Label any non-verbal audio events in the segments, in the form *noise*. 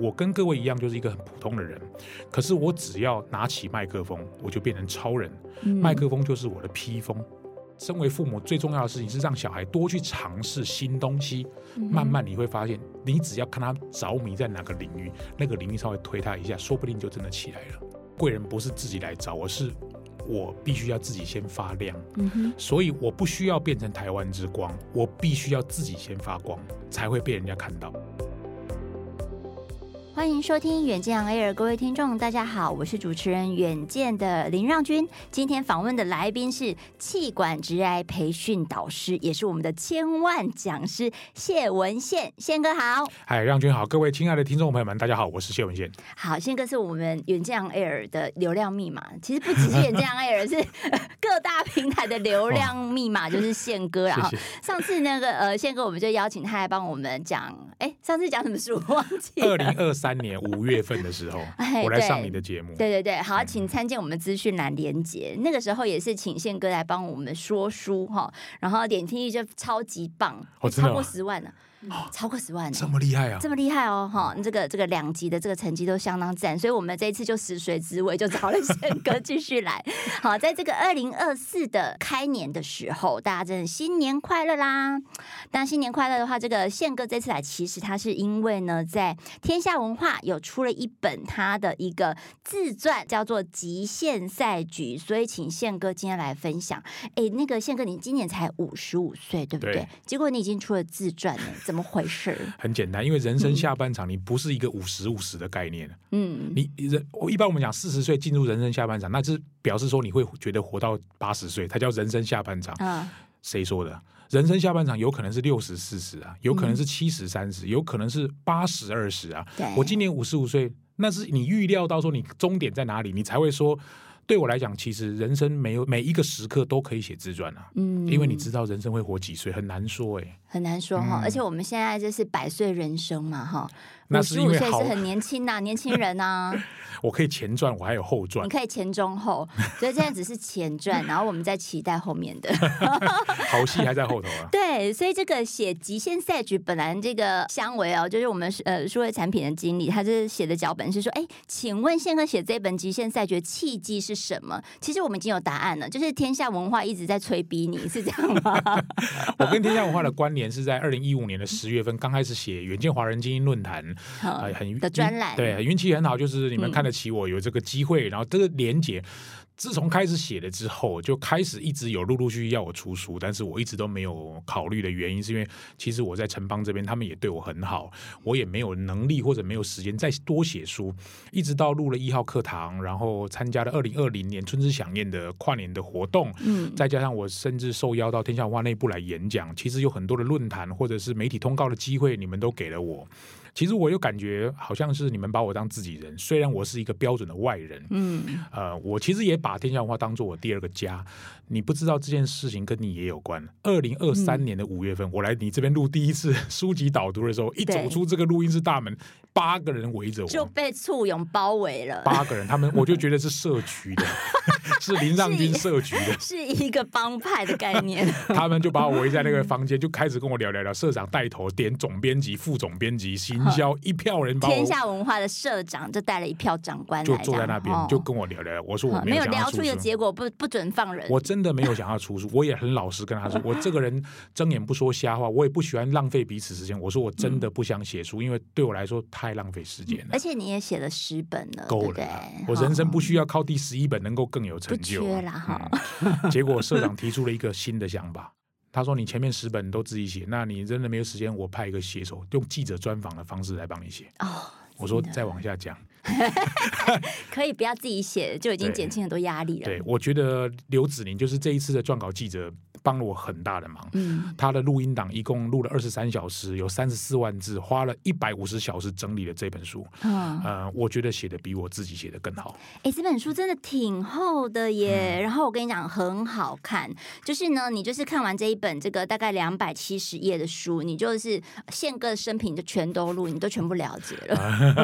我跟各位一樣，就是一個很普通的人，可是我只要拿起麥克風，我就變成超人。麥、嗯、克風就是我的披風。身為父母，最重要的事情是讓小孩多去嘗試新東西，嗯、哼慢慢你會發現，你只要看他着迷在哪個領域，那個領域稍微推他一下，說不定就真的起來了。貴人不是自己來找，我是我必須要自己先發亮。嗯、哼所以我不需要變成台灣之光，我必須要自己先發光，才會被人家看到。歡迎收聽遠見 ON AIR，各位聽眾大家好，我是主持人遠見的林讓均。今天訪問的來賓是企業職涯培訓導師，也是我們的千萬講師謝文憲，憲哥好。嗨，讓均好，各位親愛的聽眾朋友們，大家好，我是謝文憲。好，憲哥是我們遠見 ON AIR 的流量密碼，其實不只是遠見 ON AIR， *laughs* 是各大平台的流量密碼，哦，就是憲哥啊。謝謝。然後上次那個呃，憲哥我們就邀請他來幫我們講，哎，上次講什麼書？我忘記了二零二三。2023 *laughs* 三年五月份的時候，我來上你的節目 *laughs* 對。對對對，好，請參見我們資訊欄連結。嗯、那個時候也是請憲哥來幫我們說書哈，然後點擊率就超級棒，超過十萬了。嗯、超過十萬，欸，這麼厲害啊！這麼厲害哦，哈！這個這個兩集的這個成績都相當贊，所以我們這一次就死水之位就找了憲哥繼續來。 *laughs* 好，在這個二零二四的開年的時候，大家真的新年快樂啦！但新年快樂的話，這個憲哥這次來，其實他是因為呢，在天下文化有出了一本他的一個自傳，叫做《極限賽局》，所以請憲哥今天來分享。哎、欸，那個憲哥，你今年才五十五歲，對不對？對，結果你已經出了自傳了。怎麼回事？很簡單，因為人生下半場你不是一個五十五十的概念。嗯，你人一般我們講四十歲進入人生下半場，那是表示說你會覺得活到八十歲，它叫人生下半場。嗯。誰說的？人生下半場有可能是六十四十啊，有可能是七十三十，有可能是八十二十啊。嗯。我今年五十五歲，那是你預料到說你終點在哪裡，你才會說。對我來講，其實人生沒有每一個時刻都可以寫自傳啊，嗯，因為你知道人生會活幾歲很難說哎，很難說哈、欸，說哦嗯、而且我們現在就是百歲人生嘛，哈。五十五歲是很年輕吶，啊，年輕人吶，啊。 *laughs* 我可以前傳，我還有後傳，你可以前中後，所以這樣只是前傳， *laughs* 然後我們再期待後面的， *laughs* 好戲還在後頭啊。對，所以這個寫《極限賽局》本來這個香維哦，就是我們呃數位產品的經理，他是寫的腳本是說，哎，請問憲哥寫這本《極限賽局》的契機是什麼？其實我們已經有答案了，就是天下文化一直在催逼你，是這樣嗎？ *laughs* *laughs* 我跟天下文化的關聯是在二零一五年的十月份，剛開始寫《遠見華人精英論壇》。好呃、很的專欄對運氣很好，就是你們看得起我，有這個機會。嗯、然後這個連結，自從開始寫了之後，就開始一直有陸陸續續要我出書，但是我一直都沒有考慮的原因，是因為其實我在城邦這邊，他們也對我很好，我也沒有能力或者沒有時間再多寫書。一直到錄了一號課堂，然後參加了二零二零年春之饗宴的跨年的活動，嗯，再加上我甚至受邀到天下文化內部來演講，其實有很多的論壇或者是媒體通告的機會，你們都給了我。其實我又感覺好像是你們把我當自己人，雖然我是一個標準的外人，嗯，呃，我其實也把天下文化當做我第二個家。你不知道這件事情跟你也有關。二零二三年的五月份，嗯、我來你這邊錄第一次書籍導讀的時候，一走出這個錄音室大門。八個人圍着我，就被簇擁包圍了。八個人，他們，我就覺得是社區的，是林讓均社局的，是一個幫派的概念。他們就把我圍在那個房間，就開始跟我聊聊聊。社長帶頭點總編輯、副總編輯、行銷一票人，天下文化的社長就帶了一票長官就坐在那邊，就跟我聊聊，我說我沒有聊出一個結果，不不准放人。我真的沒有想要出書，我也很老實跟他說，我這個人睜眼不說瞎話，我也不喜歡浪費彼此時間。我說我真的不想寫書，因為對我來說太，太浪費時間了，而且你也寫了十本了，夠了。對對，我人生不需要靠第十一本能夠更有成就。結果社長提出了一個新的想法，他說：“你前面十本都自己寫，那你真的沒有時間？我派一個寫手，用記者專訪的方式來幫你寫。”哦，我說再往下講， *laughs* 可以不要自己寫，就已經減輕很多壓力了。對，對，我覺得劉子寧就是這一次的撰稿記者。幫了我很大的忙。嗯，他的錄音檔一共錄了二十三小時，有三十四萬字，花了一百五十小時整理了這本書。嗯、呃，我覺得寫的比我自己寫的更好。哎、欸，這本書真的挺厚的耶。嗯、然後我跟你講，很好看。就是呢，你就是看完這一本這個大概兩百七十頁的書，你就是憲哥的生平就全都錄，你都全部了解了。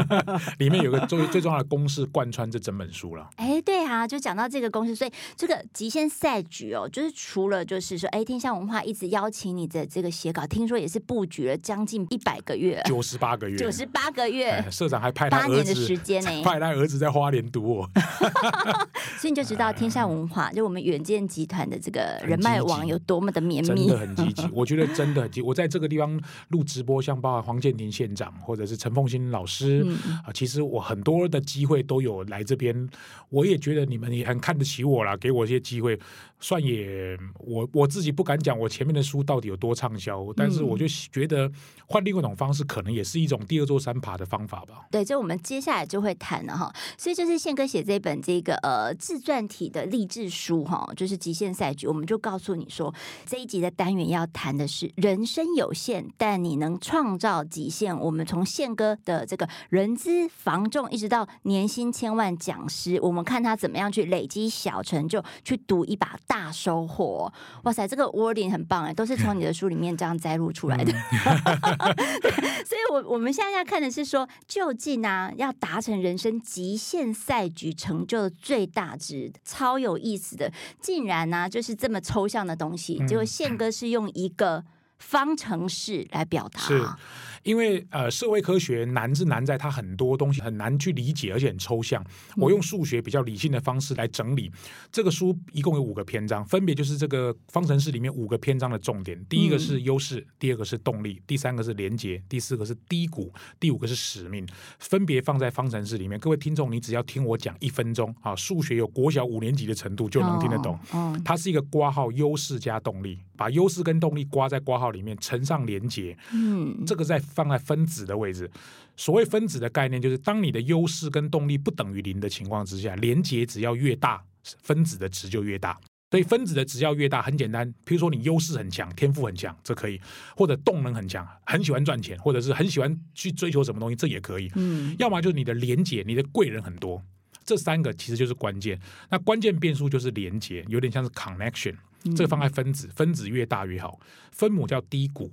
*laughs* 裡面有個最 *laughs* 最重要的公式貫穿這整本書了。哎、欸，對啊，就講到這個公式，所以這個極限賽局哦，就是除了就是。是說，哎，天下文化一直邀請你的這個寫稿，聽說也是布局了將近一百個月，九十八個月，九十八個月、哎，社長還派他兒子，八年的時間呢、欸，派他兒子在花蓮讀我。 *laughs* *laughs* 所以你就知道天下文化、哎、呀就我們遠見集團的這個人脈網有多麼的綿密， *laughs* 真的很積極。我覺得真的很積極，很我在這個地方錄直播，像包括黃健庭縣長或者是陳鳳馨老師、嗯、啊，其實我很多的機會都有來這邊，我也覺得你們也很看得起我啦，給我一些機會，算也我。我自己不敢講，我前面的書到底有多暢銷，嗯，但是我就覺得換另外一種方式，可能也是一種第二座山爬的方法吧。對，就我們接下來就會談了。哈，所以就是憲哥寫這本這個呃自傳體的勵志書哈，就是《極限賽局》，我們就告訴你說這一集的單元要談的是人生有限，但你能創造極限。我們從憲哥的這個人資房仲，一直到年薪千萬講師，我們看他怎麼樣去累積小成就，去賭一把大收穫。哇塞，這個 wording 很棒哎，都是從你的書裡面這樣摘錄出來的。嗯、 *laughs* 所以，我我們現在要看的是說，究竟呢、啊，要達成人生極限賽局成就的最大值，超有意思的，竟然呢、啊，就是這麼抽象的東西，嗯、結果憲哥是用一個方程式來表達。因為呃，社會科學難之難在它很多東西很難去理解，而且很抽象。我用數學比較理性的方式來整理、嗯、這個書，一共有五個篇章，分別就是這個方程式裡面五個篇章的重點。第一個是優勢，第二個是動力，第三個是連結，第四個是低谷，第五個是使命，分別放在方程式裡面。各位聽眾，你只要聽我講一分鐘啊，數學有國小五年級的程度就能聽得懂。哦哦、它是一個括號優勢加動力。把優勢跟動力括在括號裡面，乘上連接，嗯，這個再放在分子的位置。所謂分子的概念，就是當你的優勢跟動力不等於零的情況之下，連接只要越大，分子的值就越大。所以分子的值要越大，很簡單，譬如說，你優勢很強，天賦很強，這可以；或者動能很強，很喜歡賺錢，或者是很喜歡去追求什麼東西，這也可以。嗯，要麼就是你的連接，你的貴人很多，這三個其實就是關鍵。那關鍵變數就是連接，有點像是 connection。嗯、這個放在分子，分子越大越好。分母叫低谷，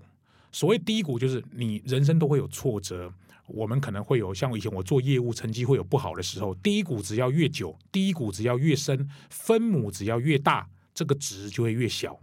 所謂低谷就是你人生都會有挫折。我們可能會有像以前我做業務成績會有不好的時候，低谷只要越久，低谷只要越深，分母只要越大，這個值就會越小。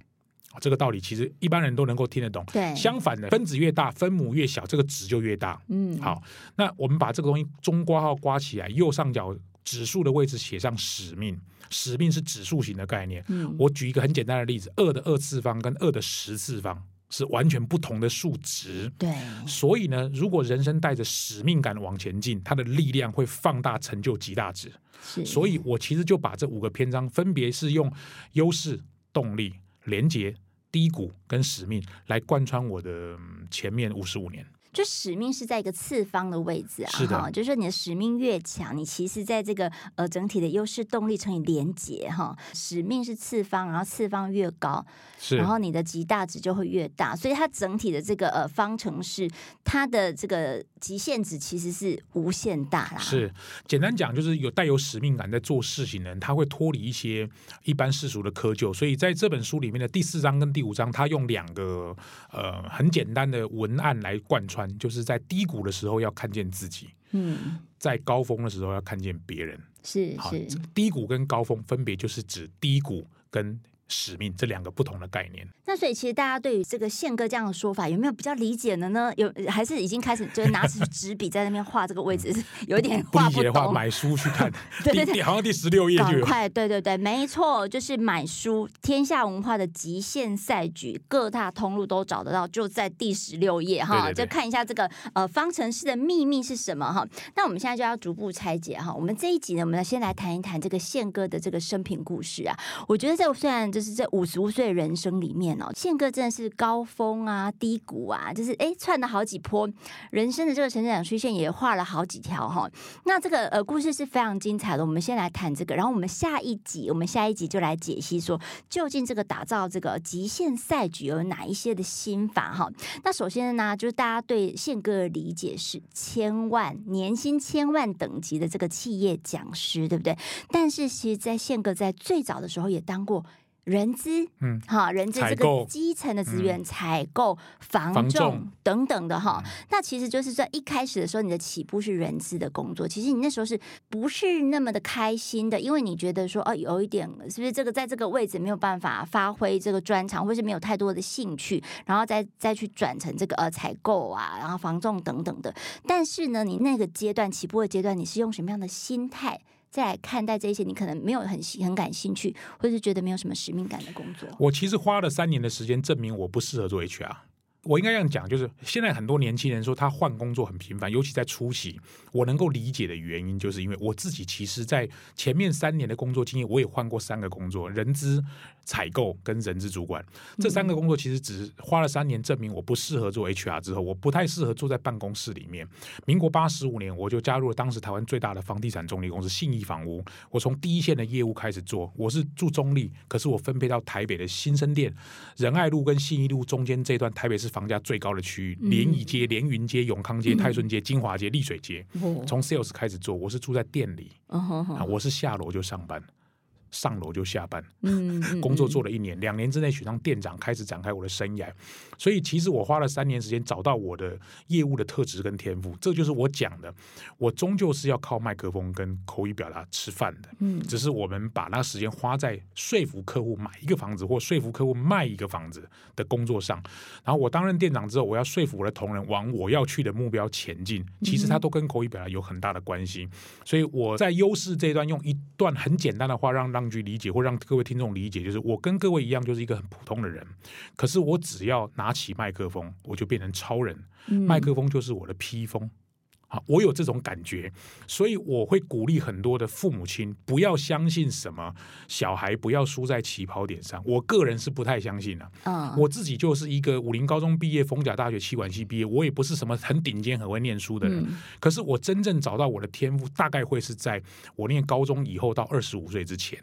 這個道理其實一般人都能夠聽得懂。對，相反的，分子越大，分母越小，這個值就越大。嗯，好，那我們把這個東西中括號括起來，右上角，指數的位置寫上使命，使命是指數型的概念。嗯，我舉一個很簡單的例子：二的二次方跟二的十次方是完全不同的數值。對所以呢，如果人生帶着使命感往前進，它的力量會放大，成就極大值。是所以我其實就把這五個篇章，分別是用優勢、動力、連結、低谷跟使命來貫穿我的前面五十五年。就使命，是在一個次方的位置啊，是的就是你的使命越強，你其實在這個呃整體的優勢動力乘以連接哈，使命是次方，然後次方越高，是然後你的極大值就會越大，所以它整體的這個呃方程式，它的這個極限值其實是無限大啦。是簡單講，就是有帶有使命感在做事情的人，他會脫離一些一般世俗的窠臼，所以在這本書裡面的第四章跟第五章，他用兩個呃很簡單的文案來貫穿。就是在低谷的時候要看見自己，嗯，在高峰的時候要看見別人，是，是，好，低谷跟高峰分別就是指低谷跟。使命這兩個不同的概念。那所以其實大家對於這個憲哥這樣的說法，有沒有比較理解的呢？有還是已經開始就是拿起紙筆在那邊畫這個位置， *laughs* 是有點不理解的話 *laughs* 買書去看。 *laughs* 對對對，好像第十六頁快對對對，沒錯，就是買書《天下文化的極限賽局》，各大通路都找得到，就在第十六頁對對對哈。就看一下這個呃方程式，的秘密是什麼哈。那我們現在就要逐步拆解哈。我們這一集呢，我們要先來談一談這個憲哥的這個生平故事啊。我覺得這雖然。就是這五十五歲人生裡面哦、喔，憲哥真的是高峰啊、低谷啊，就是哎，竄了好幾坡，人生的這個成長曲線也畫了好幾條哈、喔。那這個呃故事是非常精彩的，我們先來談這個，然後我們下一集，我們下一集就來解析說，究竟這個打造這個極限賽局有哪一些的心法哈、喔。那首先呢，就是大家對憲哥的理解是千萬年薪千萬等級的這個企業講師，對不對？但是其實，在憲哥在最早的時候也當過。人資，嗯，哈，人資這個基層的資源採購、房仲等等的哈，嗯、那其實就是在一開始的時候，你的起步是人資的工作。其實你那時候是不是那麼的開心的？因為你覺得說，哦、啊，有一點是不是這個在這個位置沒有辦法發揮這個專長，或是沒有太多的興趣，然後再再去轉成這個呃採購啊，然後房仲等等的。但是呢，你那個階段起步的階段，你是用什麼樣的心態？在看待這些，你可能沒有很很感興趣，或者是覺得沒有什麼使命感的工作。我其實花了三年的時間證明我不適合做 HR 啊。我應該這樣講，就是現在很多年輕人說他換工作很頻繁，尤其在初期，我能夠理解的原因就是因為我自己其實，在前面三年的工作經驗，我也換過三個工作，人資。採購跟人資主管這三個工作，其實只是花了三年，證明我不適合做 HR 之後，我不太適合坐在辦公室裡面。民國八十五年，我就加入了當時台灣最大的房地產仲介公司信義房屋。我從第一線的業務開始做，我是住中壢，可是我分配到台北的新生店，仁愛路跟信義路中間這段台北市房價最高的區域，臨沂街、連雲街、永康街、嗯、泰順街、金華街、麗水街。哦、從 sales 開始做，我是住在店裡，哦好好啊、我是下樓就上班，上樓就下班，嗯嗯嗯、 *laughs* 工作做了一年、兩年之內許上店長，開始展開我的生涯。所以其實我花了三年時間找到我的業務的特質跟天賦，這就是我講的。我終究是要靠麥克風跟口語表達吃飯的，嗯，只是我們把那時間花在說服客戶買一個房子或說服客戶賣一個房子的工作上。然後我擔任店長之後，我要說服我的同仁往我要去的目標前進，其實它都跟口語表達有很大的關係。所以我在優勢這一段用一段很簡單的話讓讓去理解，或讓各位聽眾理解，就是我跟各位一樣，就是一個很普通的人。可是我只要拿起麥克風，我就變成超人。嗯、麥克風就是我的披風。我有這種感覺，所以我會鼓勵很多的父母親不要相信什麼小孩不要輸在起跑點上。我個人是不太相信的，啊，哦、我自己就是一個武陵高中畢業，逢甲大學企管系畢業，我也不是什麼很頂尖、很會唸書的人。嗯、可是我真正找到我的天賦，大概會是在我念高中以後到二十五歲之前。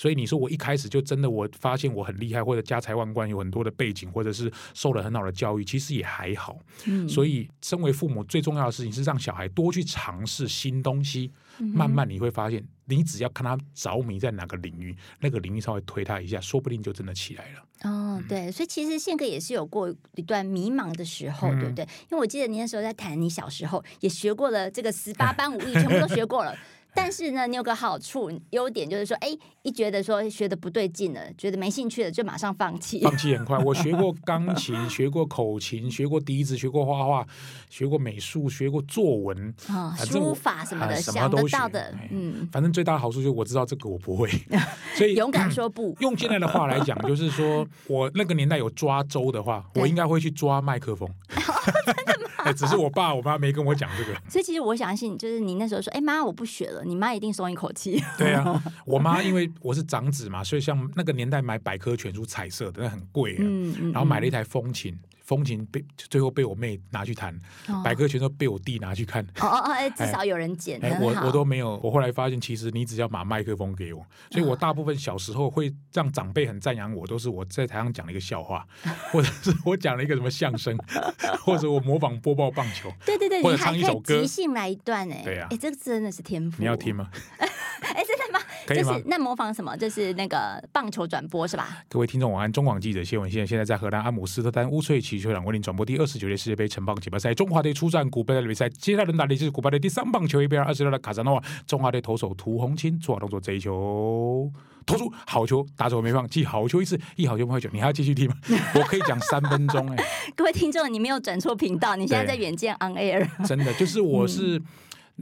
所以你說我一開始就真的，我發現我很厲害，或者家財萬貫，有很多的背景，或者是受了很好的教育，其實也還好。嗯、所以，身為父母最重要的事情是讓小孩多去嘗試新東西，嗯、哼慢慢你會發現，你只要看他着迷在哪個領域，那個領域稍微推他一下，說不定就真的起來了。哦，對，嗯、所以其實憲哥也是有過一段迷茫的時候，對不對？嗯、因為我記得你那時候在談你小時候也學過了這個十八般武藝，全部都學過了。 *laughs* 但是呢，你有個好處、優點，就是說，哎，一覺得說學的不對勁了，覺得沒興趣了，就馬上放棄。放棄很快。我學過鋼琴，學過口琴，學過笛子，學過畫畫，學過美術，學過作文、哦、書法什麼的，什麼、呃、想不到的。嗯，反正最大的好處就是我知道這個我不會，嗯、所以勇敢說不、嗯。用現在的話來講，就是說我那個年代有抓周的話，對我應該會去抓麥克風。哦、真的嗎？ *laughs* 哎、欸，只是我爸我媽沒跟我講這個。所以其實我相信，就是你那時候說，哎、欸、媽，我不學了，你媽一定鬆一口氣。對啊，我媽因為我是長子嘛， *laughs* 所以像那個年代買百科全書彩色的，那很貴啊，嗯嗯嗯、然後買了一台風琴。風琴被最後被我妹拿去彈，oh. 百科全書都被我弟拿去看。哦哦、oh, oh, 欸、至少有人撿、欸好欸。我我都沒有，我後來發現，其實你只要把麥克風給我，所以我大部分小時候會讓長輩很讚揚我，都是我在台上講了一個笑話，oh. 或者是我講了一個什麼相聲， *laughs* 或者我模仿播報棒球，對對對，或者唱一首歌，即興來一段，哎、啊，對呀，哎，這個真的是天賦。你要聽嗎？哎、 *laughs* 欸，真的。就是那模仿什麼？就是那個棒球轉播是吧？各位聽眾晚安，中廣記者謝文憲現在在荷蘭阿姆斯特丹烏翠奇球場為您轉播第二十九屆世界杯成棒錦標賽，中華隊出戰古巴的比賽，接下來輪到的是古巴隊第三棒球一比二十六的卡扎諾，中華隊投手涂紅青做動作，這一球投出，好球，打者沒放記好球一次，一好球換一球，你還要繼續聽嗎？ *laughs* 我可以講三分鐘哎、欸！ *laughs* 各位聽眾，你沒有轉錯頻道，你現在在遠見 on air 真的、就是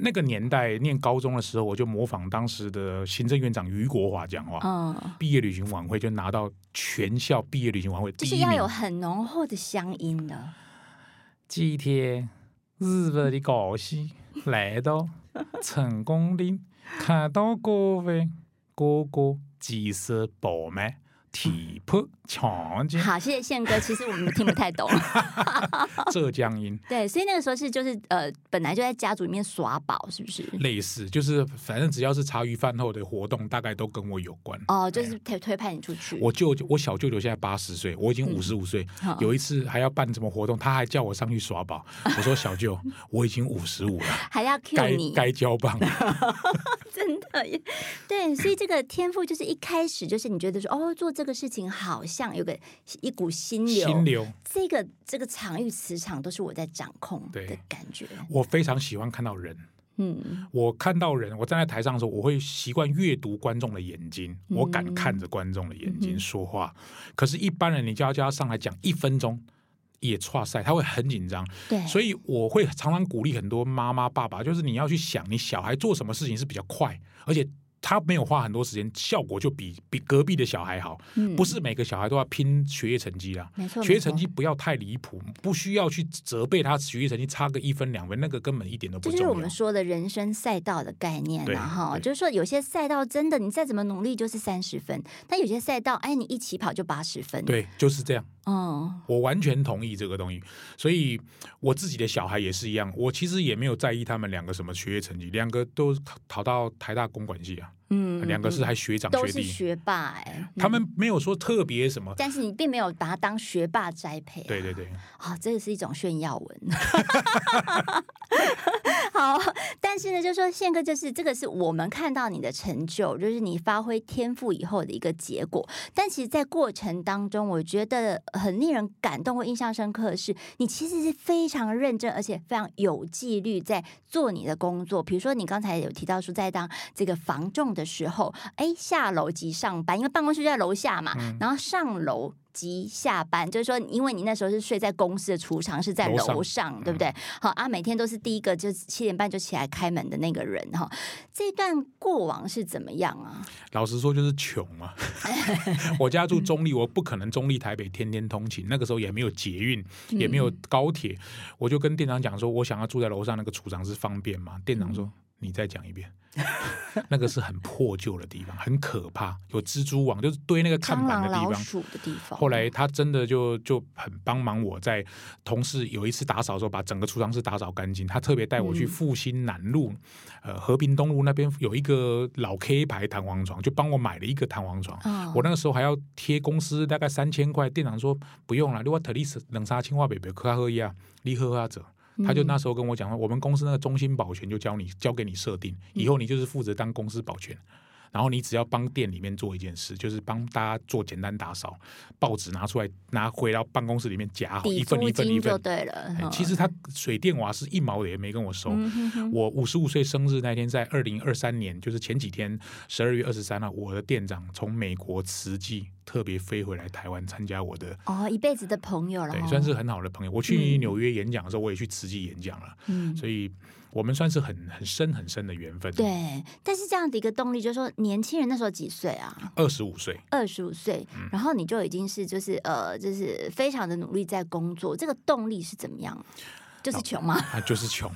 那個年代念高中的時候，我就模仿當時的行政院長俞國華講話。畢、嗯、業旅行晚會就拿到全校畢業旅行晚會第一名。就是要有很濃厚的鄉音的 *noise* 。今天日本的高興來到成功嶺，看到各位哥哥，氣勢飽滿。體魄強健。好，謝謝憲哥。其實我們聽不太懂， *laughs* 浙江音。對，所以那個時候是就是呃，本來就在家族裡面耍寶，是不是？類似，就是反正只要是茶餘飯後的活動，大概都跟我有關。哦，就是推推派你出去。我舅，我小舅舅現在八十歲，我已經五十五歲。嗯、有一次還要辦什麼活動，他還叫我上去耍寶。我說小舅， *laughs* 我已經五十五了，還要 cue 你，該該交棒。哦。真的，對，所以這個天賦就是一開始就是你覺得說哦，做這個。這個事情，好像有個一股心流，心流，這個這個場域磁場都是我在掌控的感覺。對，我非常喜歡看到人，嗯，我看到人，我站在台上的時候，我會習慣閱讀觀眾的眼睛，我敢看着觀眾的眼睛說話。嗯、可是，一般人你叫叫他上來講一分鐘也剉賽，他會很緊張。對，所以我會常常鼓勵很多媽媽爸爸，就是你要去想，你小孩做什麼事情是比較快，而且。他沒有花很多時間，效果就比比隔壁的小孩好。嗯，不是每個小孩都要拼學業成績啦，沒錯，學業成績不要太離譜，沒錯，不需要去責備他學業成績差個一分兩分，那個根本一點都不重要。就是我們說的人生賽道的概念了、啊、哈，就是說有些賽道真的你再怎麼努力就是三十分，但有些賽道哎你一起跑就八十分，對，就是這樣。哦，我完全同意這個東西，所以我自己的小孩也是一樣，我其實也沒有在意他們兩個什麼學業成績，兩個都考到台大公管系啊。嗯，兩個是還學長學弟，嗯，都是學霸哎，欸。嗯，他們沒有說特別什麼，但是你並沒有把他當學霸栽培。對對對，啊，哦，這個是一種炫耀文。 *laughs* 好，但是呢，就說憲哥，就是這個是我們看到你的成就，就是你發揮天賦以後的一個結果。但其實，在過程當中，我覺得很令人感動或印象深刻的是，你其實是非常認真而且非常有紀律在做你的工作。比如說，你剛才有提到說，在當這個房仲。的時候，哎，下樓即上班，因為辦公室就在樓下嘛。嗯、然後上樓即下班，就是說，因為你那時候是睡在公司的廚房是在樓上，樓上對不對？嗯、好啊，每天都是第一個，就七點半就起來開門的那個人哈、哦。這段過往是怎麼樣啊？老實說，就是窮啊。 *laughs* *laughs* 我家住中壢，嗯、我不可能中壢台北，天天通勤。那個時候也沒有捷運，也沒有高鐵。嗯、我就跟店長講說，我想要住在樓上那個廚房是方便嘛？店長說。嗯你再講一遍，那個是很破舊的地方， *laughs* 很可怕，有蜘蛛網，就是堆那個看板的地方，老鼠的地方。後來他真的就就很幫忙，我在同事有一次打掃的時候把整個儲藏室打掃乾淨。他特別帶我去復興南路，嗯、呃、和平東路那邊有一個老 K 牌彈簧床，就幫我買了一個彈簧床。哦、我那個時候還要貼公司大概三千塊，店長說不用了，你沃特力斯冷啥清華北白喝可以啊，你喝喝下走。他就那時候跟我講說，我們公司那個中心保全就交你，交給你設定，以後你就是負責當公司保全。然後你只要幫店裡面做一件事，就是幫大家做簡單打掃，報紙拿出來拿回到辦公室裡面夾好觸一份一份一份就對了、哦、其實他水電瓦是一毛也沒跟我收。嗯、哼哼，我五十五歲生日那天，在二零二三年，就是前幾天十二月二十三號，我的店長從美國慈濟特別飛回來台灣參加我的哦，一輩子的朋友了，對哦、算是很好的朋友。我去紐約演講的時候，我也去慈濟演講了，嗯、所以。我們算是很很深很深的緣分。對，但是這樣的一個動力，就是說年輕人那時候幾歲啊？二十五歲，二十五歲，嗯、然後你就已經是就是呃，就是非常的努力在工作。這個動力是怎麼樣？就是窮嘛，就是窮。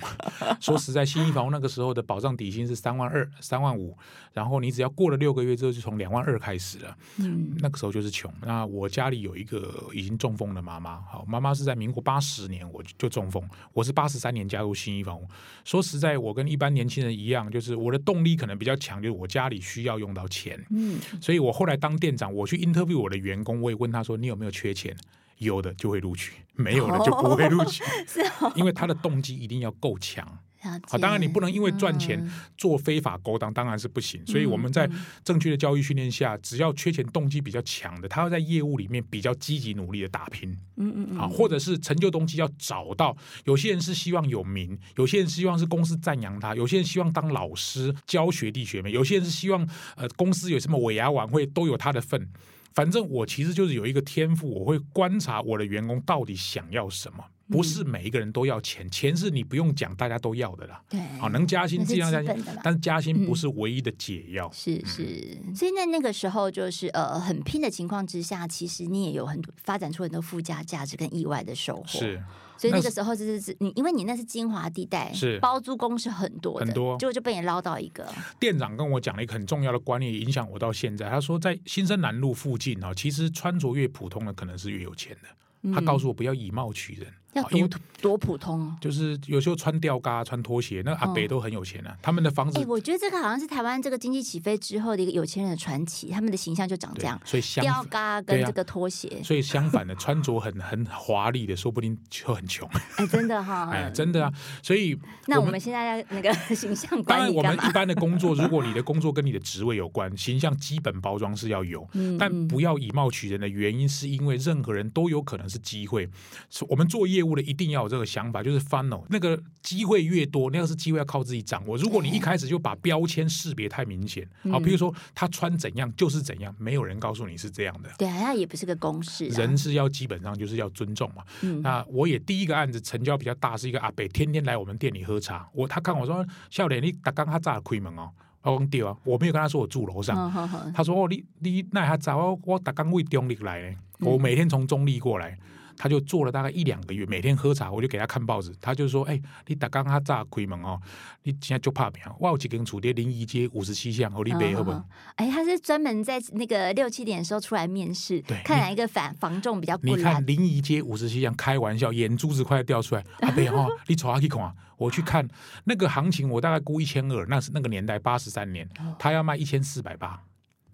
說實在，信義房屋那個時候的保障底薪是三萬二、三萬五，然後你只要過了六個月之後，就從兩萬二開始了。嗯，那個時候就是窮。那我家裡有一個已經中風的媽媽，好，媽媽是在民國八十年我就中風，我是八十三年加入信義房屋。說實在，我跟一般年輕人一樣，就是我的動力可能比較強，就是我家裡需要用到錢。嗯，所以我後來當店長，我去 interview 我的員工，我也問他說：“你有沒有缺錢？”有的就會錄取，沒有的就不會錄取，哦哦、因為他的動機一定要夠強。了解，好，當然你不能因為賺錢做非法勾當，嗯、當然是不行。所以我們在正確的教育訓練下，只要缺錢動機比較強的，他要在業務裡面比較積極努力的打拼。嗯嗯，嗯好。或者是成就動機要找到，有些人是希望有名，有些人是希望是公司讚揚他，有些人希望當老師教學弟學妹，有些人是希望呃公司有什麼尾牙晚會都有他的份。反正我其實就是有一個天賦，我會觀察我的員工到底想要什麼。不是每一個人都要錢，錢是你不用講，大家都要的啦。對，好能加薪盡量加薪，但是加薪不是唯一的解藥。是是，所以在那個時候，就是呃很拼的情況之下，其實你也有很多發展出很多附加價值跟意外的收穫。是，所以那個時候，就是是你因為你那是精華地帶，是包租公是很多的很多，結果就被你撈到一個店長跟我講了一個很重要的觀念，影響我到現在。他說在新生南路附近啊，其實穿着越普通的可能是越有錢的。嗯，他告訴我不要以貌取人。要多多普通，哦、就是有時候穿吊嘎、啊、穿拖鞋，那個、阿北都很有錢啊。嗯、他們的房子、欸，我覺得這個好像是台灣這個經濟起飛之後的一個有錢人的傳奇，他們的形象就長這樣。對，所以吊嘎跟這個拖鞋，啊、所以相反的穿着很很華麗的，說不定就很窮。哎、真的哈、哎，真的啊。所以我那我們現在要那個形象當然，我們一般的工作，如果你的工作跟你的職位有關，形象基本包裝是要有，嗯、但不要以貌取人的原因，是因為任何人都有可能是機會。是我們作業。我的一定要有這個想法，就是翻哦，那個機會越多，那個是機會要靠自己掌握。如果你一開始就把標籤識別太明顯，好、嗯，比如說他穿怎樣就是怎樣，沒有人告訴你是這樣的。對、啊，好也不是個公式、啊。人是要基本上就是要尊重嘛。嗯、那我也第一個案子成交比較大是一個阿北，天天來我們店裡喝茶。我他看我說少年、嗯，你打剛他炸開門哦，我講丟啊，我沒有跟他說我住樓上。哦哦、他說哦，你你那下炸我我打剛位中壢來，我每天從中壢過來。嗯他就做了大概一兩個月，每天喝茶，我就給他看報紙。他就說：“哎、欸，你打剛剛他炸虧門哦，你現在就怕別人，哇，我幾根楚蝶，臨沂街五十七巷，我你別，喝、哦、門。哎，他是專門在那個六七點的時候出來面試，對看哪一個反房重比較、啊。你看臨沂街五十七巷，開玩笑，眼珠子快要掉出來啊！別、哦、 *laughs* 你瞅阿去看，啊！我去看那個行情，我大概估一千二，那是那個年代八十三年，他、哦、要賣一千四百八，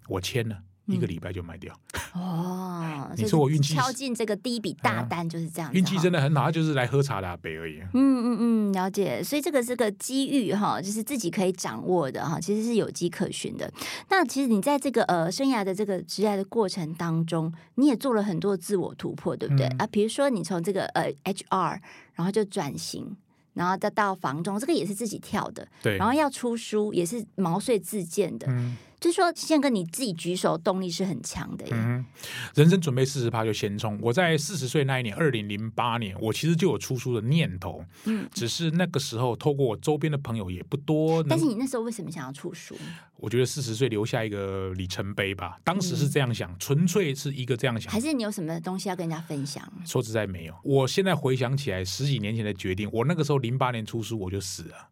我簽了。一個禮拜就賣掉哦！嗯 oh, 你說我運氣敲進這個第一筆大單就是這樣，運氣真的很好。就是來喝茶的阿北而已。嗯嗯嗯，了解。所以這個是個機遇哈，就是自己可以掌握的哈。其實是有跡可循的。那其實你在這個呃生涯的這個職業的過程當中，你也做了很多自我突破，對不對、嗯、啊？比如說你從這個呃 HR，然後就轉型，然後再到房仲，這個也是自己跳的。對。然後要出書，也是毛遂自薦的。嗯就是說，憲哥，你自己舉手動力是很強的耶、嗯。人生準備四十趴就先衝。我在四十歲那一年，二零零八年，我其實就有出書的念頭。嗯，只是那個時候透過我周邊的朋友也不多。但是你那時候為什麼想要出書？我覺得四十歲留下一個里程碑吧。當時是這樣想，嗯、純粹是一個這樣想，還是你有什麼東西要跟人家分享？說實在沒有。我現在回想起來，十幾年前的決定，我那個時候零八年出書，我就死了。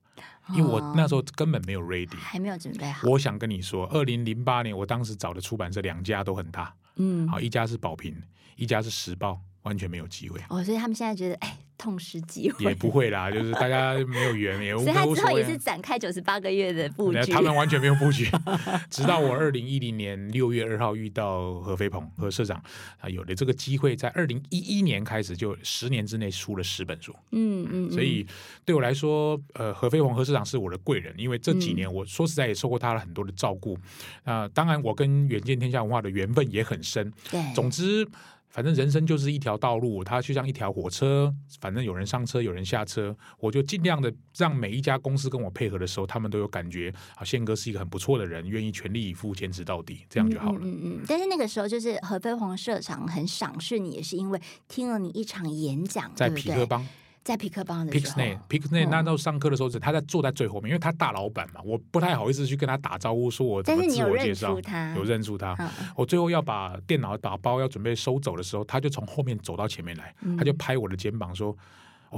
因為我那時候根本沒有 ready，嗯，還沒有準備啊。我想跟你說，二零零八年我當時找的出版社兩家都很大，嗯，好，一家是寶瓶，一家是時報。完全沒有機會哦，所以他們現在覺得哎，痛失機會也不會啦，就是大家沒有緣， *laughs* 也無。所以他之後也是展開九十八個月的布局，他們完全沒有布局， *laughs* 直到我二零一零年六月二號遇到何飛鵬何社長啊，有了這個機會，在二零一一年開始就十年之內出了十本書，嗯嗯，嗯嗯，所以對我來說，呃，何飛鵬何社長是我的貴人，因為這幾年我說實在也受過他很多的照顧，啊、嗯呃，當然我跟遠見天下文化的緣分也很深，對總之。反正人生就是一條道路，它就像一條火車，反正有人上車，有人下車。我就盡量的讓每一家公司跟我配合的時候，他們都有感覺，憲哥是一個很不錯的人，願意全力以赴，堅持到底，這樣就好了。嗯嗯，但是那個時候，就是何飛鴻社長很賞識你，也是因為聽了你一場演講，在皮特幫。對在痞客邦的時候，Pixnet，Pixnet，那時候上課的時候，哦、他在坐在最後面，因為他大老闆嘛，我不太好意思去跟他打招呼，說我怎麼自我介紹，有認出他，哦、我最後要把電腦打包要準備收走的時候，他就從後面走到前面來，他就拍我的肩膀說：“嗯、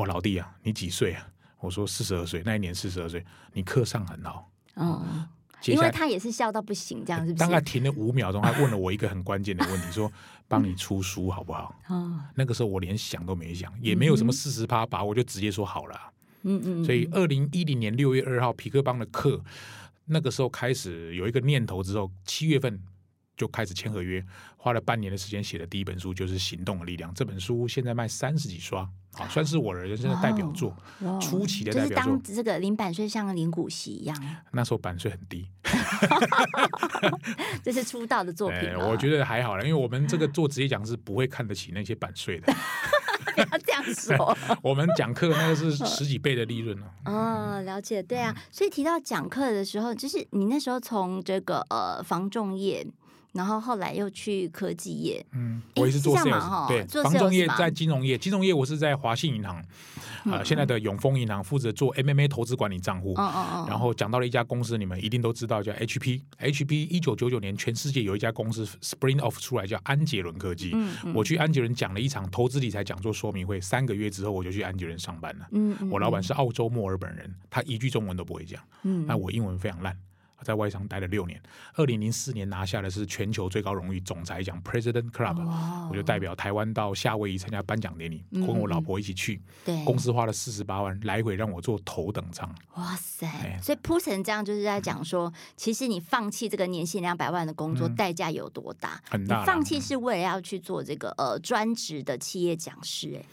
哦，老弟啊，你幾歲啊？”我說：“四十二歲。”那一年四十二歲，你課上很好。哦因為他也是笑到不行，這樣子。大概停了五秒鐘，他問了我一個很關鍵的問題， *laughs* 說：“幫你出書好不好？”嗯哦、那個時候我連想都沒想，也沒有什麼四十趴把握我、嗯嗯、就直接說好了。嗯嗯。所以二零一零年六月二號，皮克幫的課，那個時候開始有一個念頭之後，七月份就開始簽合約，花了半年的時間寫的第一本書就是《行動的力量》。這本書現在賣三十幾刷。算是我的人生的代表作，哦哦、初期的代表作，就是當這個零版稅像零股息一樣。那時候版稅很低， *laughs* *laughs* 這是出道的作品。我覺得還好了，因為我們這個做職業講師不會看得起那些版稅的。你 *laughs* *laughs* 要這樣說， *laughs* 我們講課那個是十幾倍的利潤哦。 *laughs* 哦，了解，對啊。所以提到講課的時候，就是你那時候從這個呃房仲業，然後後來又去科技業，嗯，我也是做 sales，對，做 sales 房仲業在金融業，是吧？金融業我是在華信銀行，嗯嗯呃，現在的永豐銀行負責做 MMA 投資管理賬戶，哦哦哦，然後講到了一家公司，你們一定都知道叫 HP，HP 一九九九年全世界有一家公司 Spring Off 出來叫安捷倫科技，嗯嗯，我去安捷倫講了一場投資理財講座說明會，三個月之後我就去安捷倫上班了，嗯,嗯,嗯，我老板是澳洲墨爾本人，他一句中文都不會講，嗯，那我英文非常爛。在外商待了六年，二零零四年拿下的是全球最高榮譽總裁獎 （President Club），Wow 我就代表台灣到夏威夷參加頒獎典禮，我、嗯、跟我老婆一起去。對，公司花了四十八萬來回讓我坐頭等艙。哇塞 Wow, say. 對！所以鋪陳這樣，就是在講說，其實你放棄這個年薪兩百萬的工作，代價有多大？嗯、很大。你放棄是為了要去做這個呃專職的企業講師、欸。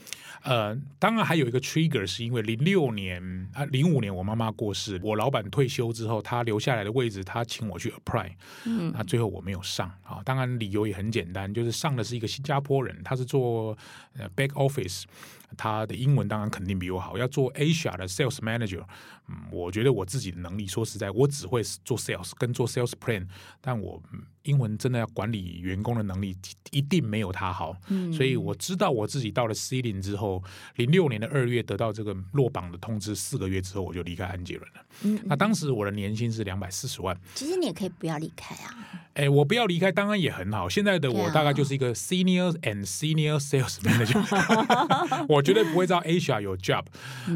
呃，當然還有一個 trigger，是因為零六年啊，零、呃、五年我媽媽過世，我老闆退休之後，他留下來的。位置，他請我去 apply，那最後我沒有上啊，當然理由也很簡單，就是上的是一個新加坡人，他是做呃 back office。他的英文當然肯定比我好。要做 Asia 的 Sales Manager，嗯，我覺得我自己的能力，說實在，我只會做 Sales 跟做 Sales Plan，但我英文真的要管理員工的能力，一定沒有他好。嗯，所以我知道我自己到了 C 零之後，零六年的二月得到這個落榜的通知，四個月之後我就離開安捷倫了。嗯嗯，那當時我的年薪是兩百四十萬。其實你也可以不要離開啊。哎，我不要離開，當然也很好。現在的我大概就是一個 Senior and Senior Sales Manager。我。 *laughs* *laughs* *laughs* 絕對不會知道 Asia 有 job 啊，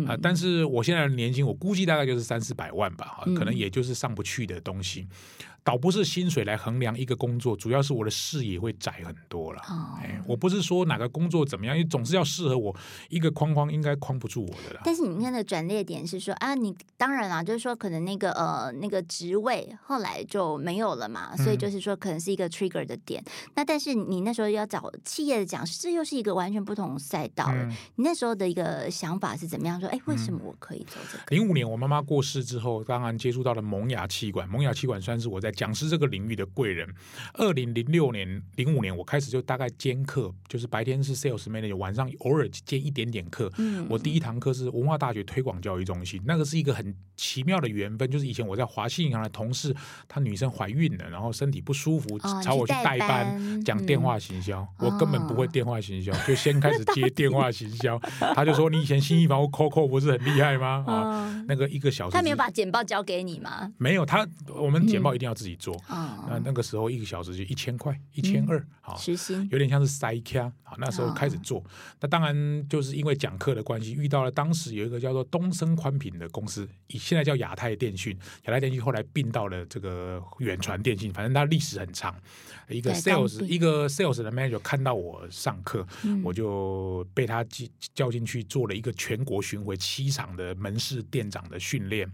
呃，嗯，但是我現在的年薪，我估計大概就是三四百萬吧，可能也就是上不去的東西。嗯嗯倒不是薪水來衡量一個工作，主要是我的視野會窄很多了，嗯，欸。我不是說哪個工作怎麼樣，因為總是要適合我，一個框框應該框不住我的啦。但是你那個轉捩點是說啊，你當然啦，啊，就是說可能那個呃那個職位後來就沒有了嘛，所以就是說可能是一個 trigger 的點。嗯，那但是你那時候要找企業的講師，這又是一個完全不同賽道了。嗯，你那時候的一個想法是怎麼樣？說哎，欸，為什麼我可以做這個？零五，嗯，年我媽媽過世之後，剛剛接觸到了萌芽氣管，萌芽氣管算是我在。講師這個領域的貴人2006，二零零六年、零五年，我開始就大概兼課，就是白天是 sales manager，晚上偶爾兼一點點課。嗯、我第一堂課是文化大學推廣教育中心，那個是一個很奇妙的緣分，就是以前我在華信銀行的同事，她女生懷孕了，然後身體不舒服，哦，、找我去代班講電話行銷。嗯、我根本不會電話行銷，就先開始接電話行銷。底他就說：“你以前信義房屋 coco 不是很厲害嗎？”啊，那個一個小時，他沒有把簡報交給你嗎？沒有，他我們簡報一定要、嗯。自己做那那個時候一個小時就一千塊，一千二、嗯、好有點像是塞卡那時候開始做，嗯、那當然就是因為講課的關係，遇到了當時有一個叫做東森寬頻的公司，現在叫亞太電信。亞太電信後來併到了這個遠傳電信，反正它歷史很長。一個 sales，一個 sales 的 manager 看到我上課，嗯、我就被他叫進去做了一個全國巡迴七場的門市店長的訓練。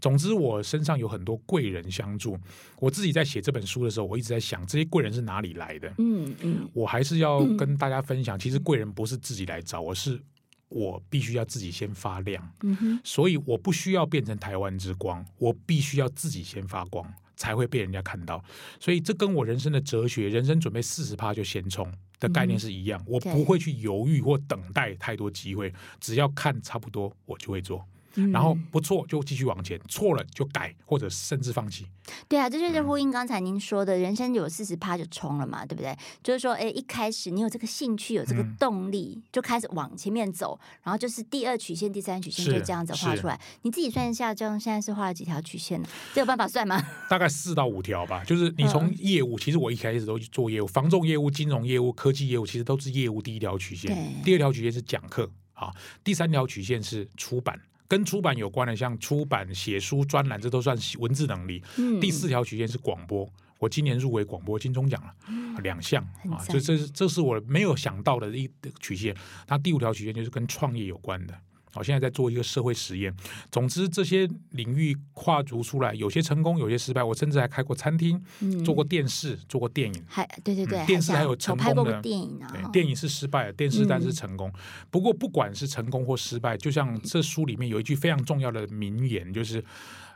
總之，我身上有很多貴人相助。我自己在寫這本書的時候，我一直在想，這些貴人是哪裡來的？嗯嗯，嗯我還是要跟大家分享，其實貴人不是自己來找，我是我必須要自己先發亮。嗯哼，所以我不需要變成台灣之光，我必須要自己先發光，才會被人家看到，所以這跟我人生的哲學、人生準備四十趴就先衝的概念是一樣。嗯、我不會去猶豫或等待太多機會，Okay. 只要看差不多，我就會做。然後不錯就繼續往前，錯了就改，或者甚至放棄。對啊，這就是呼應剛才您說的，嗯、人生有四十趴就衝了嘛，對不對？就是說，哎，一開始你有這個興趣，有這個動力，嗯、就開始往前面走。然後就是第二曲線、第三曲線就這樣子畫出來。你自己算一下，就現在是畫了幾條曲線呢？這有辦法算嗎？大概四到五條吧。就是你從業務，嗯、其實我一開始都做業務，房仲業務、金融業務、科技業務，其實都是業務。第一條曲線，對第二條曲線是講課，好，第三條曲線是出版。跟出版有關的，像出版、寫書、專欄，這都算文字能力。嗯。第四條曲線是廣播，我今年入圍廣播金鐘獎了，兩項，嗯。啊，這這是這是我沒有想到的一的曲線。那第五條曲線就是跟創業有關的。我現在在做一個社會實驗。總之，這些領域跨足出來，有些成功，有些失敗。我甚至還開過餐廳，嗯、做過電視，做過電影。對對對，嗯、還像，電視還有成功的、個電影。電影是失敗，電視但是成功。嗯、不過不管是成功或失敗，就像這書裡面有一句非常重要的名言，就是。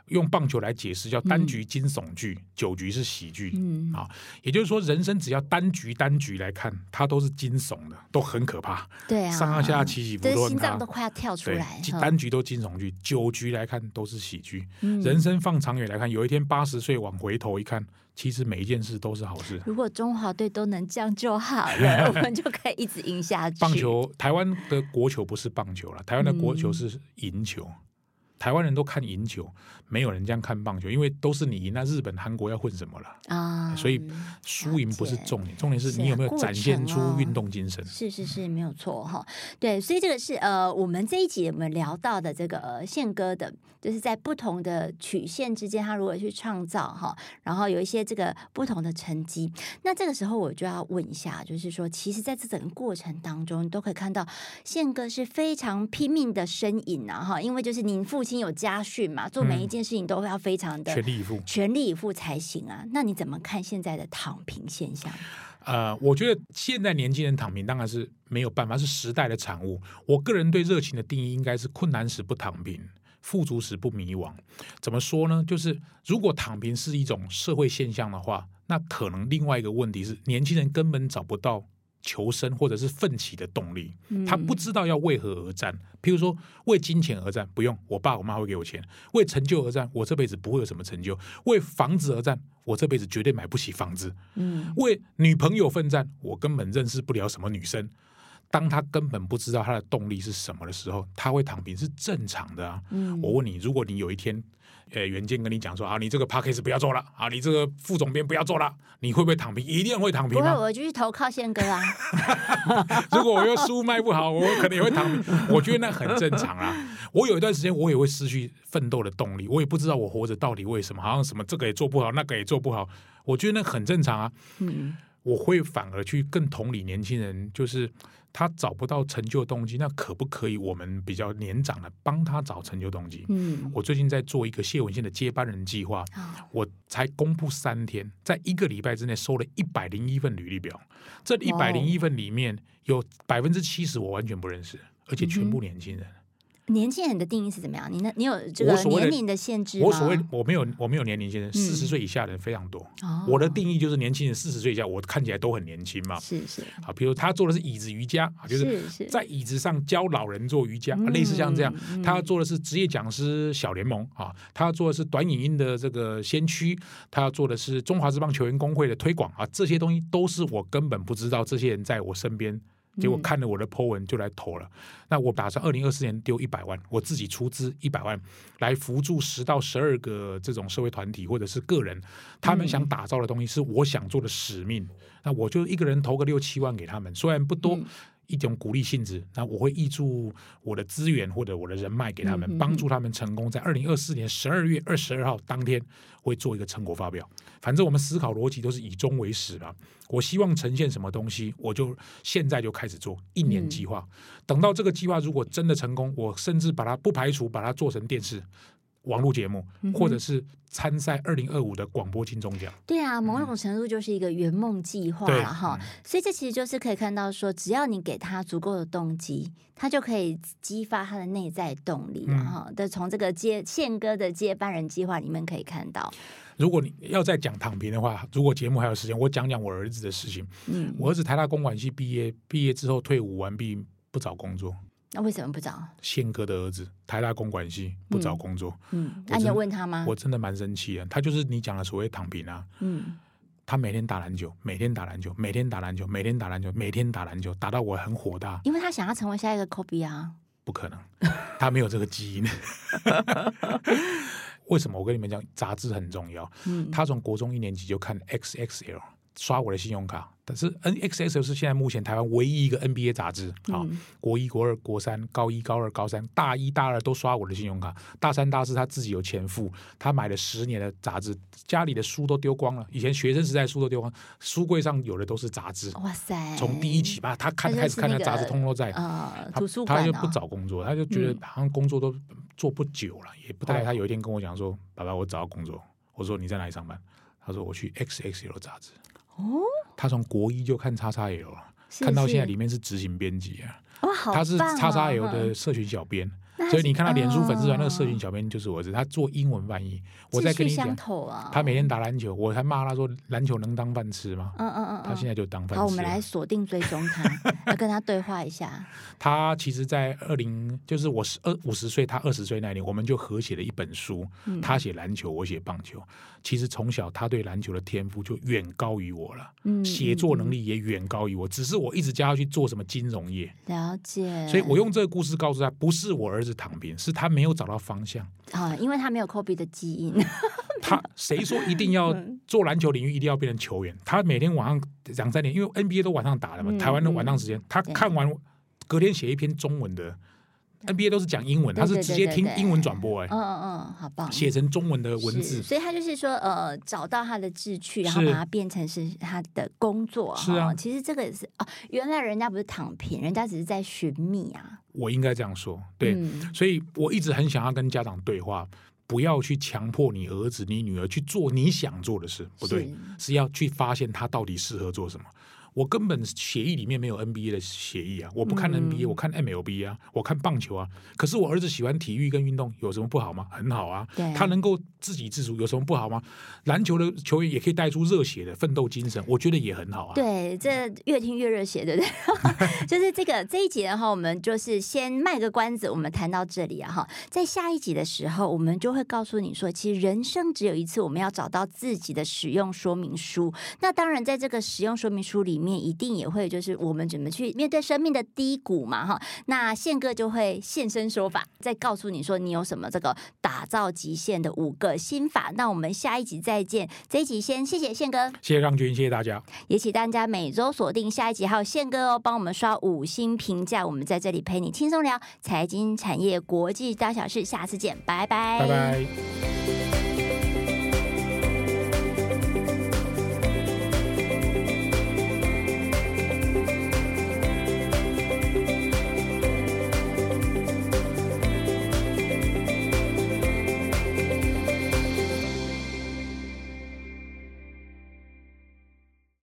用棒球來解釋，叫單局驚悚劇，嗯、九局是喜劇。啊、嗯，也就是說，人生只要單局單局來看，它都是驚悚的，都很可怕。對啊，上下起起伏伏，嗯、心臟都快要跳出來。呵單局都驚悚劇，九局來看都是喜劇。嗯、人生放長遠來看，有一天八十歲往回頭一看，其實每一件事都是好事。如果中華隊都能這樣就好了， *laughs* 我們就可以一直贏下去。棒球，台灣的國球不是棒球了，台灣的國球是贏球。嗯台灣人都看贏球，沒有人這樣看棒球，因為都是你贏，那日本、韓國要混什麼了啊？所以輸贏不是重點，嗯、重點是你有沒有展現出運動精神。是，啊哦、是是是沒有錯哈、哦，對，所以這個是呃，我們這一集我們聊到的這個、呃、憲哥的，就是在不同的曲線之間，他如何去創造哈、哦，然後有一些這個不同的成績。那這個時候我就要問一下，就是說，其實在這整個過程當中，你都可以看到憲哥是非常拼命的身影啊哈，因為就是您父。有家訓嘛，做每一件事情都會要非常的、嗯、全力以赴，全力以赴才行啊。那你怎麼看現在的躺平現象？呃，我覺得現在年輕人躺平當然是沒有辦法，是時代的產物。我個人對熱情的定義應該是困難時不躺平，富足時不迷惘。怎麼說呢？就是如果躺平是一種社會現象的話，那可能另外一個問題是年輕人根本找不到。求生或者是奮起的動力，他不知道要為何而戰。譬如說，為金錢而戰，不用，我爸我媽會給我錢；為成就而戰，我這輩子不會有什麼成就；為房子而戰，我這輩子絕對買不起房子；嗯、為女朋友奮戰，我根本認識不了什麼女生。當他根本不知道他的動力是什麼的時候，他會躺平是正常的啊。嗯、我問你，如果你有一天，原、呃、袁健跟你講說啊，你這個 podcast 不要做了啊，你這個副總編不要做了，你會不會躺平？一定會躺平。不會，我就去投靠憲哥啊。 *laughs* 如果我又書賣不好，我可能也會躺平。 *laughs* 我覺得那很正常啊。我有一段時間，我也會失去奮鬥的動力，我也不知道我活着到底為什麼，好像什麼這個也做不好，那個也做不好。我覺得那很正常啊。嗯我會反而去更同理年輕人，就是他找不到成就動機，那可不可以我們比較年長的幫他找成就動機？嗯，我最近在做一個謝文憲的接班人計劃，我才公布三天，在一個禮拜之內收了一百零一份履歷表，這一百零一份裡面有百分之七十我完全不認識，而且全部年輕人。嗯年輕人的定義是怎麼樣？你呢？你有這個年齡的限制嗎？我所謂，我，所謂我沒有我沒有年齡限制，四十歲以下的人非常多。嗯哦、我的定義就是年輕人四十歲以下，我看起來都很年輕嘛。是是。啊，比如他做的是椅子瑜伽，啊，就是在椅子上教老人做瑜伽，是是啊、類似像這樣。嗯、他要做的是職業講師小聯盟啊，他要做的是短影音的這個先驅，他要做的是中華職棒球員工會的推廣啊，這些東西都是我根本不知道這些人在我身邊。結果看了我的 PO 文就來投了，那我打算二零二四年丟一百萬，我自己出資一百萬來扶助十到十二個這種社會團體或者是個人，他們想打造的東西是我想做的使命，那我就一個人投個六七萬給他們，雖然不多。嗯一種鼓勵性質，那我會挹注我的資源或者我的人脈給他們，幫助他們成功。在二零二四年十二月二十二號當天，會做一個成果發表。反正我們思考邏輯都是以終為始的。我希望呈現什麼東西，我就現在就開始做一年計劃。嗯、等到這個計劃如果真的成功，我甚至把它不排除把它做成電視。網路節目，嗯、哼或者是參賽二零二五的廣播金鐘獎，對啊，某種程度、嗯、就是一個圓夢計劃了哈。嗯、所以這其實就是可以看到說，只要你給他足夠的動機，他就可以激發他的內在動力，哈、嗯，後從這個接憲哥的接班人計劃裡面可以看到。如果你要再講躺平的話，如果節目還有時間，我講講我兒子的事情。嗯，我兒子台大公管系畢業，畢業之後退伍完畢，不找工作。那為什麼不找憲哥的兒子，台大公管系不找工作？嗯，那、嗯真啊、你要問他嗎？我真的蠻生氣的，他就是你講的所謂躺平啊。嗯，他每天打籃球，每天打籃球，每天打籃球，每天打籃球，每天打籃球，打到我很火大。因為他想要成為下一個 Kobe 啊。不可能，他沒有這個基因。 *laughs* *laughs* 為什麼？我跟你們講，雜志很重要。嗯。他從國中一年級就看 XXL，刷我的信用卡。但是 N X X L 是現在目前台灣唯一一個 N B A 雜誌啊，嗯、國一、國二、國三，高一、高二、高三，大一大二都刷我的信用卡，大三大四他自己有錢付，他買了十年的雜誌，家裡的書都丟光了。以前學生時代書都丟光，書櫃上有的都是雜誌。哇塞！從第一期吧，他看開始看那個雜誌通通都在，他就不找工作，他就覺得好像工作都做不久了，嗯、也不太。他有一天跟我講說：“嗯、爸爸，我找工作。”我說：“你在哪裡上班？”他說：“我去 X X L 雜誌。”哦，他從國一就看 XXL，看到現在裡面是執行編輯、哦、好啊，他是 XXL 的社群小編。所以你看他臉書粉絲團那個社群小編就是我兒子，哦、他做英文翻譯。我在跟你講哦、他每天打籃球，我還罵他說：“籃球能當飯吃嗎？”嗯，嗯嗯嗯。他現在就當飯吃。好，我們來鎖定追蹤他，要 *laughs* 跟他對話一下。他其實，在二零就是我二五十歲，他二十歲那年，我們就合寫了一本書。他寫籃球，我寫棒球。嗯、其實從小他對籃球的天賦就遠高於我了，嗯，嗯，嗯，寫作能力也遠高於我。只是我一直叫他去做什麼金融業，了解。所以我用這個故事告訴他，不是我兒子。躺平是他沒有找到方向啊，因為他沒有 Kobe 的基因。他誰說一定要做籃球領域，一定要變成球員？他每天晚上兩三點，因為 NBA 都晚上打了嘛，台灣的晚上時間。他看完隔天寫一篇中文的。對 NBA 都是講英文。他是直接聽英文轉播，哎、欸，嗯嗯，嗯，好棒。寫成中文的文字,所以他就是說，呃,找到他的志趣，然後把它變成是他的工作，是啊。哦，其實這個也是哦，原來人家不是躺平，人家只是在尋覓啊。我應該這樣說，對，嗯，所以我一直很想要跟家長對話，不要去強迫你兒子、你女兒去做你想做的事，不對，是，是要去發現他到底適合做什麼？我根本血液裡面沒有 NBA 的血液啊！我不看 NBA，嗯、我看 MLB 啊，我看棒球啊。可是我兒子喜歡體育跟運動，有什麼不好嗎？很好啊，對他能夠自給自足，有什麼不好嗎？籃球的球員也可以帶出熱血的奮鬥精神，我覺得也很好啊。對，這越聽越熱血，對不對？ *laughs* 就是這個這一集的話，我們就是先賣個關子，我們談到這裡啊哈，在下一集的時候，我們就會告訴你說，其實人生只有一次，我們要找到自己的使用說明書。那當然，在這個使用說明書裡面。面一定也會就是我們怎麼去面對生命的低谷嘛哈，那憲哥就會現身說法，再告訴你說你有什麼這個打造極限的五個心法。那我們下一集再見，這一集先謝謝憲哥，謝謝讓均，謝謝大家，也請大家每周鎖定下一集，還有憲哥哦，幫我們刷五星評價，我們在這裡陪你輕鬆聊財經產業國際大小事，下次見，拜拜，拜拜。